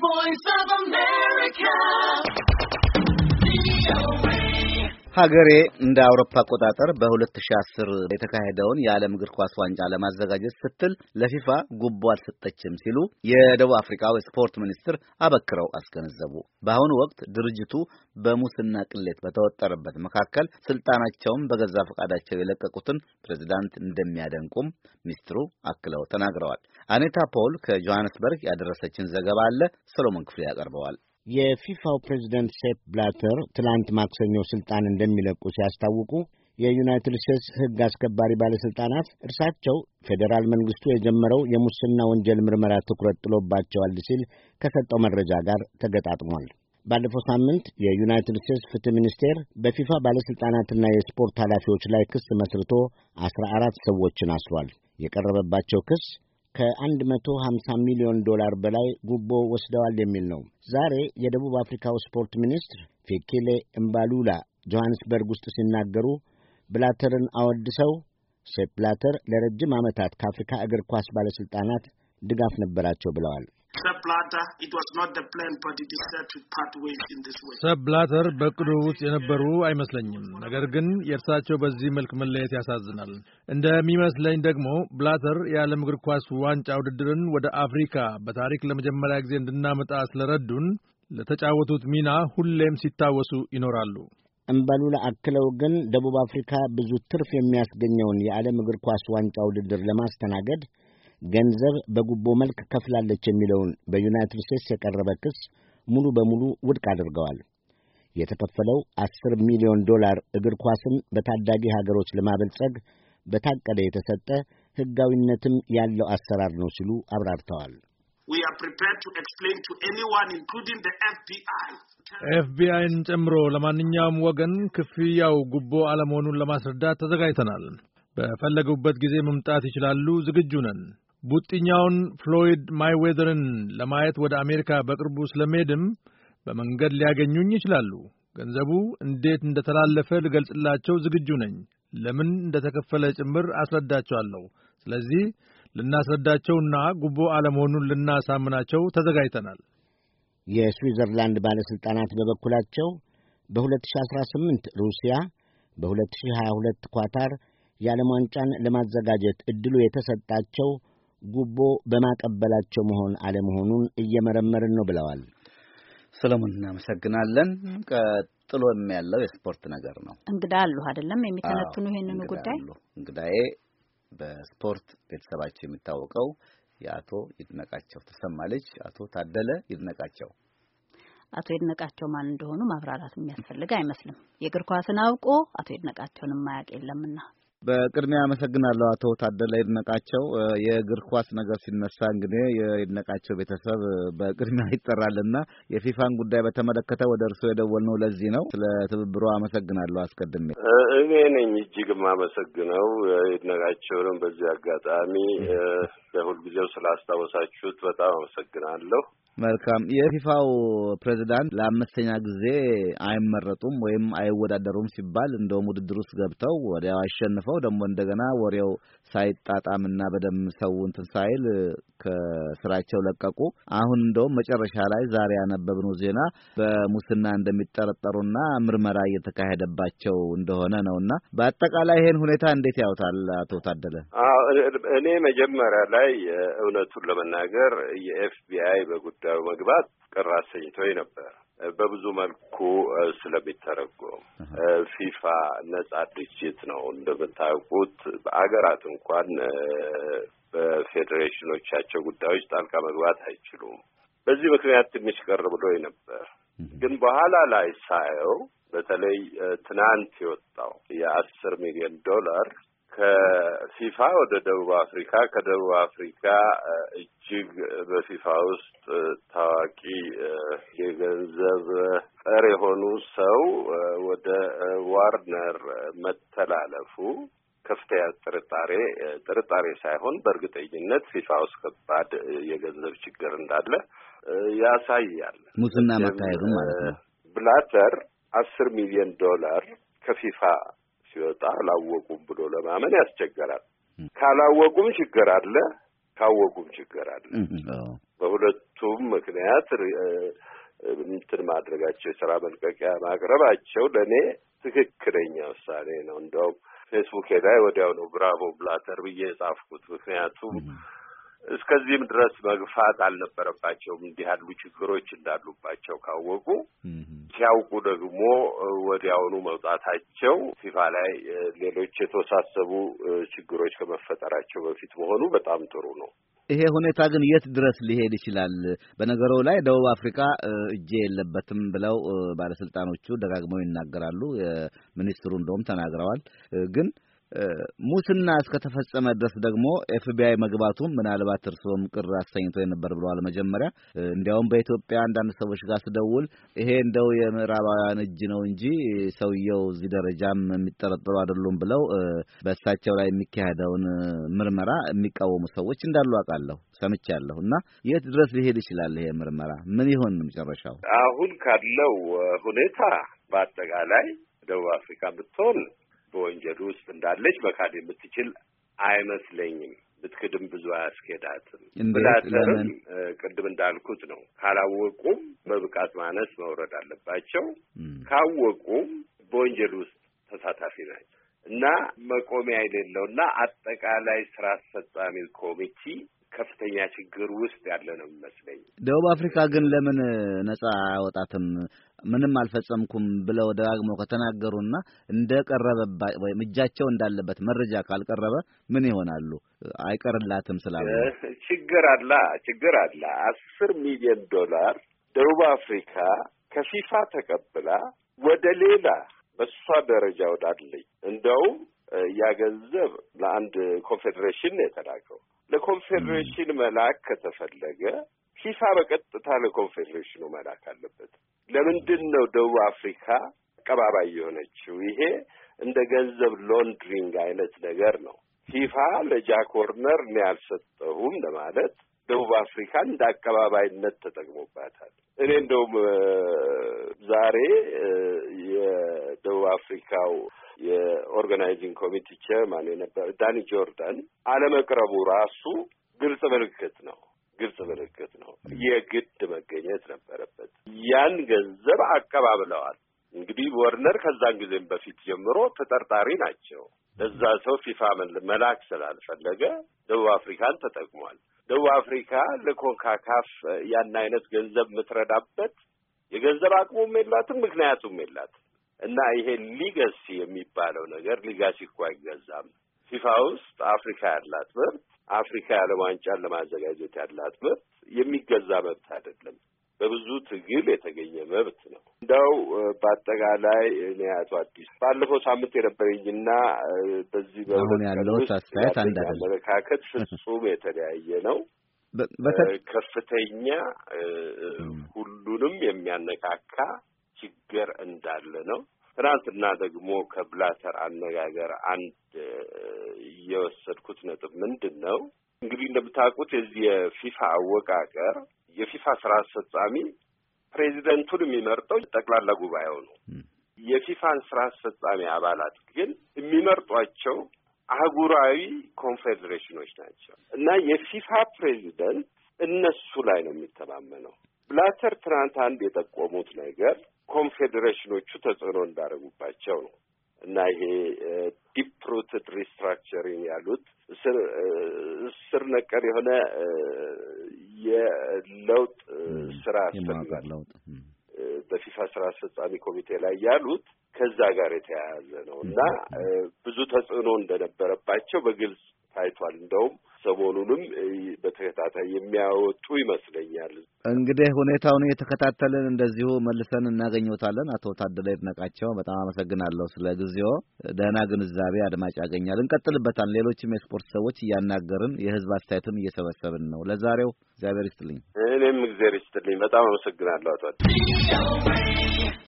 voice of America. ሀገሬ እንደ አውሮፓ አቆጣጠር በ2010 የተካሄደውን የዓለም እግር ኳስ ዋንጫ ለማዘጋጀት ስትል ለፊፋ ጉቦ አልሰጠችም ሲሉ የደቡብ አፍሪካው ስፖርት ሚኒስትር አበክረው አስገነዘቡ። በአሁኑ ወቅት ድርጅቱ በሙስና ቅሌት በተወጠረበት መካከል ስልጣናቸውን በገዛ ፈቃዳቸው የለቀቁትን ፕሬዚዳንት እንደሚያደንቁም ሚኒስትሩ አክለው ተናግረዋል። አኔታ ፖል ከጆሃንስበርግ ያደረሰችን ዘገባ አለ፣ ሰሎሞን ክፍሌ ያቀርበዋል። የፊፋው ፕሬዚደንት ሴፕ ብላተር ትላንት ማክሰኞ ስልጣን እንደሚለቁ ሲያስታውቁ የዩናይትድ ስቴትስ ሕግ አስከባሪ ባለሥልጣናት እርሳቸው ፌዴራል መንግሥቱ የጀመረው የሙስና ወንጀል ምርመራ ትኩረት ጥሎባቸዋል ሲል ከሰጠው መረጃ ጋር ተገጣጥሟል። ባለፈው ሳምንት የዩናይትድ ስቴትስ ፍትሕ ሚኒስቴር በፊፋ ባለሥልጣናትና የስፖርት ኃላፊዎች ላይ ክስ መስርቶ አስራ አራት ሰዎችን አስሯል። የቀረበባቸው ክስ ከ150 ሚሊዮን ዶላር በላይ ጉቦ ወስደዋል የሚል ነው። ዛሬ የደቡብ አፍሪካው ስፖርት ሚኒስትር ፌኬሌ እምባሉላ ጆሐንስበርግ ውስጥ ሲናገሩ ብላተርን አወድሰው ሴፕ ብላተር ለረጅም ዓመታት ከአፍሪካ እግር ኳስ ባለሥልጣናት ድጋፍ ነበራቸው ብለዋል። ሰብ ብላተር በቅዱ ውስጥ የነበሩ አይመስለኝም። ነገር ግን የእርሳቸው በዚህ መልክ መለየት ያሳዝናል። እንደሚመስለኝ ደግሞ ብላተር የዓለም እግር ኳስ ዋንጫ ውድድርን ወደ አፍሪካ በታሪክ ለመጀመሪያ ጊዜ እንድናመጣ ስለረዱን ለተጫወቱት ሚና ሁሌም ሲታወሱ ይኖራሉ። እምበሉላ አክለው ግን ደቡብ አፍሪካ ብዙ ትርፍ የሚያስገኘውን የዓለም እግር ኳስ ዋንጫ ውድድር ለማስተናገድ ገንዘብ በጉቦ መልክ ከፍላለች የሚለውን በዩናይትድ ስቴትስ የቀረበ ክስ ሙሉ በሙሉ ውድቅ አድርገዋል። የተከፈለው አስር ሚሊዮን ዶላር እግር ኳስን በታዳጊ ሀገሮች ለማበልጸግ በታቀደ የተሰጠ ሕጋዊነትም ያለው አሰራር ነው ሲሉ አብራርተዋል። ኤፍቢአይን ጨምሮ ለማንኛውም ወገን ክፍያው ጉቦ አለመሆኑን ለማስረዳት ተዘጋጅተናል። በፈለጉበት ጊዜ መምጣት ይችላሉ። ዝግጁ ነን። ቡጢኛውን ፍሎይድ ማይዌዘርን ለማየት ወደ አሜሪካ በቅርቡ ስለመሄድም በመንገድ ሊያገኙኝ ይችላሉ። ገንዘቡ እንዴት እንደ ተላለፈ ልገልጽላቸው ዝግጁ ነኝ። ለምን እንደ ተከፈለ ጭምር አስረዳቸዋለሁ። ስለዚህ ልናስረዳቸውና ጉቦ አለመሆኑን ልናሳምናቸው ተዘጋጅተናል። የስዊዘርላንድ ባለሥልጣናት በበኩላቸው በ2018 ሩሲያ በ2022 ኳታር የዓለም ዋንጫን ለማዘጋጀት ዕድሉ የተሰጣቸው ጉቦ በማቀበላቸው መሆን አለመሆኑን እየመረመርን ነው ብለዋል። ሰለሞን እናመሰግናለን። ቀጥሎ ያለው የስፖርት ነገር ነው። እንግዳ አሉ አይደለም የሚተነትኑ ይህንኑ ጉዳይ እንግዳዬ በስፖርት ቤተሰባቸው የሚታወቀው የአቶ ይድነቃቸው ተሰማ ልጅ አቶ ታደለ ይድነቃቸው አቶ ይድነቃቸው ማን እንደሆኑ ማብራራት የሚያስፈልግ አይመስልም። የእግር ኳስን አውቆ አቶ ይድነቃቸውን የማያውቅ የለምና በቅድሚያ አመሰግናለሁ አቶ ታደለ ይድነቃቸው። የእግር ኳስ ነገር ሲነሳ እንግዲህ የይድነቃቸው ቤተሰብ በቅድሚያ ይጠራልና የፊፋን ጉዳይ በተመለከተ ወደ እርስዎ የደወልነው ለዚህ ነው። ስለ ትብብሮ አመሰግናለሁ። አስቀድሜ እኔ ነኝ እጅግም አመሰግነው ይድነቃቸውንም በዚህ አጋጣሚ ለሁልጊዜው ስላስታወሳችሁት በጣም አመሰግናለሁ። መልካም። የፊፋው ፕሬዚዳንት ለአምስተኛ ጊዜ አይመረጡም ወይም አይወዳደሩም ሲባል እንደውም ውድድር ውስጥ ገብተው ወዲያው አሸንፈ ባለፈው ደግሞ እንደገና ወሬው ሳይጣጣምና በደም ሰው እንትን ሳይል ከስራቸው ለቀቁ። አሁን እንደውም መጨረሻ ላይ ዛሬ ያነበብነው ዜና በሙስና እንደሚጠረጠሩና ምርመራ እየተካሄደባቸው እንደሆነ ነው። እና በአጠቃላይ ይሄን ሁኔታ እንዴት ያውታል አቶ ታደለ? እኔ መጀመሪያ ላይ እውነቱን ለመናገር የኤፍቢአይ በጉዳዩ መግባት ቅር አሰኝቶኝ ነበር። በብዙ መልኩ ስለሚተረጎም ፊፋ ነጻ ድርጅት ነው። እንደምታውቁት በአገራት እንኳን በፌዴሬሽኖቻቸው ጉዳዮች ጣልቃ መግባት አይችሉም። በዚህ ምክንያት ትንሽ ቀር ብሎኝ ነበር፣ ግን በኋላ ላይ ሳየው በተለይ ትናንት የወጣው የአስር ሚሊዮን ዶላር ከፊፋ ወደ ደቡብ አፍሪካ ከደቡብ አፍሪካ እጅግ በፊፋ ውስጥ ታዋቂ የገንዘብ ጠር የሆኑ ሰው ወደ ዋርነር መተላለፉ ከፍተኛ ጥርጣሬ ጥርጣሬ ሳይሆን በእርግጠኝነት ፊፋ ውስጥ ከባድ የገንዘብ ችግር እንዳለ ያሳያል። ሙስና መካሄዱን ማለት ነው። ብላተር አስር ሚሊዮን ዶላር ከፊፋ ሲወጣ አላወቁም ብሎ ለማመን ያስቸገራል። ካላወቁም ችግር አለ። ካወቁም ችግር አለ። በሁለቱም ምክንያት እንትን ማድረጋቸው የስራ መልቀቂያ ማቅረባቸው ለእኔ ትክክለኛ ውሳኔ ነው። እንደውም ፌስቡኬ ላይ ወዲያው ነው ብራቮ ብላተር ብዬ የጻፍኩት። ምክንያቱም እስከዚህም ድረስ መግፋት አልነበረባቸውም። እንዲህ ያሉ ችግሮች እንዳሉባቸው ካወቁ ሲያውቁ ደግሞ ወዲያውኑ መውጣታቸው ፊፋ ላይ ሌሎች የተወሳሰቡ ችግሮች ከመፈጠራቸው በፊት መሆኑ በጣም ጥሩ ነው። ይሄ ሁኔታ ግን የት ድረስ ሊሄድ ይችላል? በነገሩ ላይ ደቡብ አፍሪካ እጄ የለበትም ብለው ባለስልጣኖቹ ደጋግመው ይናገራሉ። ሚኒስትሩ እንደውም ተናግረዋል። ግን ሙስና እስከተፈጸመ ድረስ ደግሞ ኤፍቢአይ መግባቱም ምናልባት እርስዎም ቅር አሰኝቶ የነበር ብለዋል። መጀመሪያ እንዲያውም በኢትዮጵያ አንዳንድ ሰዎች ጋር ስደውል ይሄ እንደው የምዕራባውያን እጅ ነው እንጂ ሰውየው እዚህ ደረጃም የሚጠረጠሩ አይደሉም ብለው በእሳቸው ላይ የሚካሄደውን ምርመራ የሚቃወሙ ሰዎች እንዳሉ አውቃለሁ ሰምቻለሁ። እና የት ድረስ ሊሄድ ይችላል ይሄ ምርመራ? ምን ይሆን መጨረሻው? አሁን ካለው ሁኔታ በአጠቃላይ ደቡብ አፍሪካ ብትሆን በወንጀል ውስጥ እንዳለች መካድ የምትችል አይመስለኝም። ብትክድም ብዙ አያስኬዳትም። ብላተርም ቅድም እንዳልኩት ነው። ካላወቁም በብቃት ማነስ መውረድ አለባቸው። ካወቁም በወንጀል ውስጥ ተሳታፊ ናቸው እና መቆሚያ የሌለው እና አጠቃላይ ስራ አስፈጻሚ ኮሚቲ ከፍተኛ ችግር ውስጥ ያለ ነው የሚመስለኝ። ደቡብ አፍሪካ ግን ለምን ነጻ አያወጣትም? ምንም አልፈጸምኩም ብለው ደጋግመው ከተናገሩና እንደቀረበባ ወይም እጃቸው እንዳለበት መረጃ ካልቀረበ ምን ይሆናሉ? አይቀርላትም ስላሉ ችግር አላ ችግር አላ አስር ሚሊዮን ዶላር ደቡብ አፍሪካ ከፊፋ ተቀብላ ወደ ሌላ በሷ ደረጃ ወዳለኝ እንደውም ያገንዘብ ለአንድ ኮንፌዴሬሽን ነው የተላከው። ለኮንፌዴሬሽን መላክ ከተፈለገ ፊፋ በቀጥታ ለኮንፌዴሬሽኑ መላክ አለበት። ለምንድን ነው ደቡብ አፍሪካ አቀባባይ የሆነችው? ይሄ እንደ ገንዘብ ሎንድሪንግ አይነት ነገር ነው። ፊፋ ለጃክ ወርነር እኔ አልሰጠሁም ለማለት ደቡብ አፍሪካን እንደ አቀባባይነት ተጠቅሞባታል። እኔ እንደውም ዛሬ የደቡብ አፍሪካው የኦርጋናይዚንግ ኮሚቴ ቸርማን የነበረ ዳኒ ጆርዳን አለመቅረቡ ራሱ ግልጽ ምልክት ነው። የግድ መገኘት ነበረበት። ያን ገንዘብ አቀባብለዋል። እንግዲህ ወርነር ከዛን ጊዜም በፊት ጀምሮ ተጠርጣሪ ናቸው። ለዛ ሰው ፊፋ መላክ ስላልፈለገ ደቡብ አፍሪካን ተጠቅሟል። ደቡብ አፍሪካ ለኮንካካፍ ያን አይነት ገንዘብ የምትረዳበት የገንዘብ አቅሙም የላትም፣ ምክንያቱም የላትም እና ይሄ ሊገሲ የሚባለው ነገር ሊጋሲ እኮ አይገዛም። ፊፋ ውስጥ አፍሪካ ያላት መብት አፍሪካ የዓለም ዋንጫን ለማዘጋጀት ያላት መብት የሚገዛ መብት አይደለም። በብዙ ትግል የተገኘ መብት ነው። እንደው በአጠቃላይ እኔ አቶ አዲስ ባለፈው ሳምንት የነበረኝና በዚህ በሁን ያለው አስተያየት አንድ አመለካከት ፍጹም የተለያየ ነው። ከፍተኛ ሁሉንም የሚያነካካ ችግር እንዳለ ነው። ትናንትና ደግሞ ከብላተር አነጋገር አንድ የወሰድኩት ነጥብ ምንድን ነው? እንግዲህ እንደምታውቁት የዚህ የፊፋ አወቃቀር የፊፋ ስራ አስፈጻሚ ፕሬዚደንቱን የሚመርጠው ጠቅላላ ጉባኤው ነው። የፊፋን ስራ አስፈጻሚ አባላት ግን የሚመርጧቸው አህጉራዊ ኮንፌዴሬሽኖች ናቸው እና የፊፋ ፕሬዚደንት እነሱ ላይ ነው የሚተማመነው። ብላተር ትናንት አንድ የጠቆሙት ነገር ኮንፌዴሬሽኖቹ ተጽዕኖ እንዳደረጉባቸው ነው። እና ይሄ ዲፕ ሩትድ ሪስትራክቸሪንግ ያሉት ስር ነቀል የሆነ የለውጥ ስራ ያስፈልጋል። በፊፋ ስራ አስፈጻሚ ኮሚቴ ላይ ያሉት ከዛ ጋር የተያያዘ ነው እና ብዙ ተጽዕኖ እንደነበረባቸው በግልጽ ታይቷል። እንደውም ሰሞኑንም በተከታታይ የሚያወጡ ይመስለኛል። እንግዲህ ሁኔታውን እየተከታተልን እንደዚሁ መልሰን እናገኘታለን። አቶ ታደለ ይድነቃቸው በጣም አመሰግናለሁ ስለ ጊዜው። ደህና ግንዛቤ አድማጭ ያገኛል። እንቀጥልበታል። ሌሎችም የስፖርት ሰዎች እያናገርን የህዝብ አስተያየትም እየሰበሰብን ነው። ለዛሬው እግዚአብሔር ይስጥልኝ። እኔም እግዚአብሔር ይስጥልኝ። በጣም አመሰግናለሁ አቶ